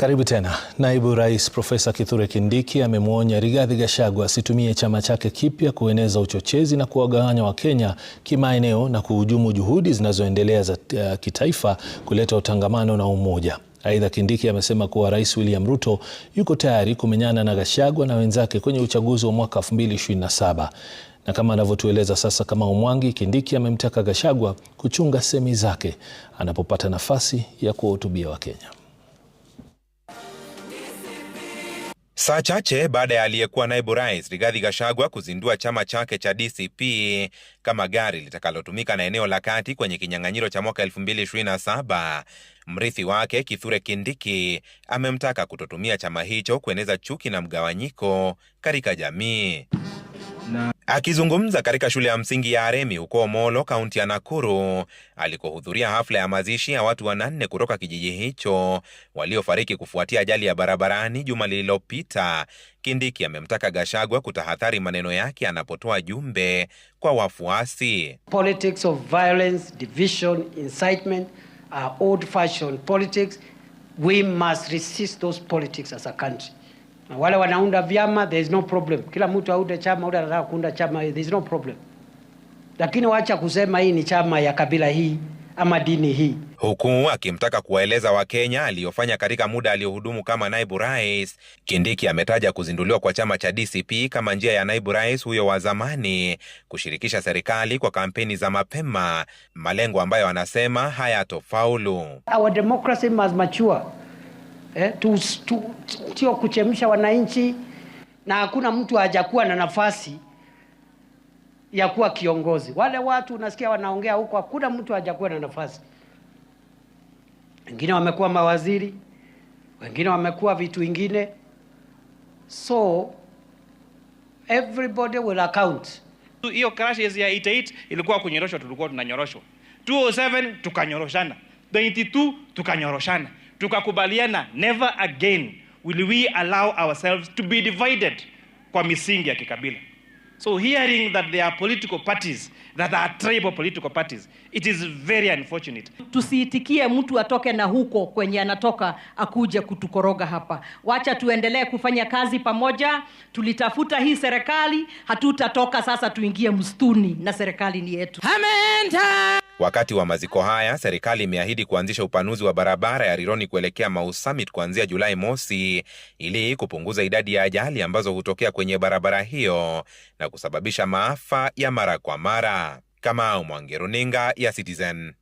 Karibu tena. Naibu Rais Profesa Kithure Kindiki amemwonya Rigathi Gachagua asitumie chama chake kipya kueneza uchochezi na kuwagawanya Wakenya kimaeneo na kuhujumu juhudi zinazoendelea za uh, kitaifa kuleta utangamano na umoja. Aidha, Kindiki amesema kuwa Rais William Ruto yuko tayari kumenyana na Gachagua na wenzake kwenye uchaguzi wa mwaka 2027. Na kama anavyotueleza sasa kama Umwangi, Kindiki amemtaka Gachagua kuchunga semi zake anapopata nafasi ya kuwahutubia Wakenya. Saa chache baada ya aliyekuwa naibu rais Rigathi Gachagua kuzindua chama chake cha DCP kama gari litakalotumika na eneo la kati kwenye kinyang'anyiro cha mwaka 2027, mrithi wake Kithure Kindiki amemtaka kutotumia chama hicho kueneza chuki na mgawanyiko katika jamii na... Akizungumza katika shule ya msingi ya Aremi huko Molo, kaunti ya Nakuru, alikohudhuria hafla ya mazishi ya watu wanane kutoka kijiji hicho waliofariki kufuatia ajali ya barabarani juma lililopita, Kindiki amemtaka Gachagua kutahadhari maneno yake anapotoa jumbe kwa wafuasi. Politics of violence, division, incitement are old fashioned politics. We must resist those politics as a country wale wanaunda vyama, there is no problem. Kila mtu aunde chama, ule anataka kuunda chama, there is no problem, lakini wacha kusema hii ni chama ya kabila hii ama dini hii. Huku akimtaka kuwaeleza Wakenya aliyofanya katika muda aliyohudumu kama naibu rais, Kindiki ametaja kuzinduliwa kwa chama cha DCP kama njia ya naibu rais huyo wa zamani kushirikisha serikali kwa kampeni za mapema, malengo ambayo anasema hayatofaulu. Our democracy must mature eh, tu, tu, sio kuchemsha wananchi, na hakuna mtu hajakuwa na nafasi ya kuwa kiongozi. Wale watu unasikia wanaongea huko, hakuna mtu hajakuwa na nafasi. Wengine wamekuwa mawaziri, wengine wamekuwa vitu vingine, so everybody will account. Hiyo crashes ya 88 ilikuwa kunyoroshwa, tulikuwa tunanyoroshwa 207 tukanyoroshana, 22, tukanyoroshana tukakubaliana, never again will we allow ourselves to be divided kwa misingi ya kikabila. So hearing that there are political parties that are tribal political parties, it is very unfortunate. Tusiitikie mtu atoke na huko kwenye anatoka akuje kutukoroga hapa. Wacha tuendelee kufanya kazi pamoja. Tulitafuta hii serikali, hatutatoka sasa tuingie mstuni na serikali ni yetu. Amen. Wakati wa maziko haya, serikali imeahidi kuanzisha upanuzi wa barabara ya Rironi kuelekea Mau Summit kuanzia Julai mosi ili kupunguza idadi ya ajali ambazo hutokea kwenye barabara hiyo na kusababisha maafa ya mara kwa mara. Kamau Mwangi, runinga ya Citizen.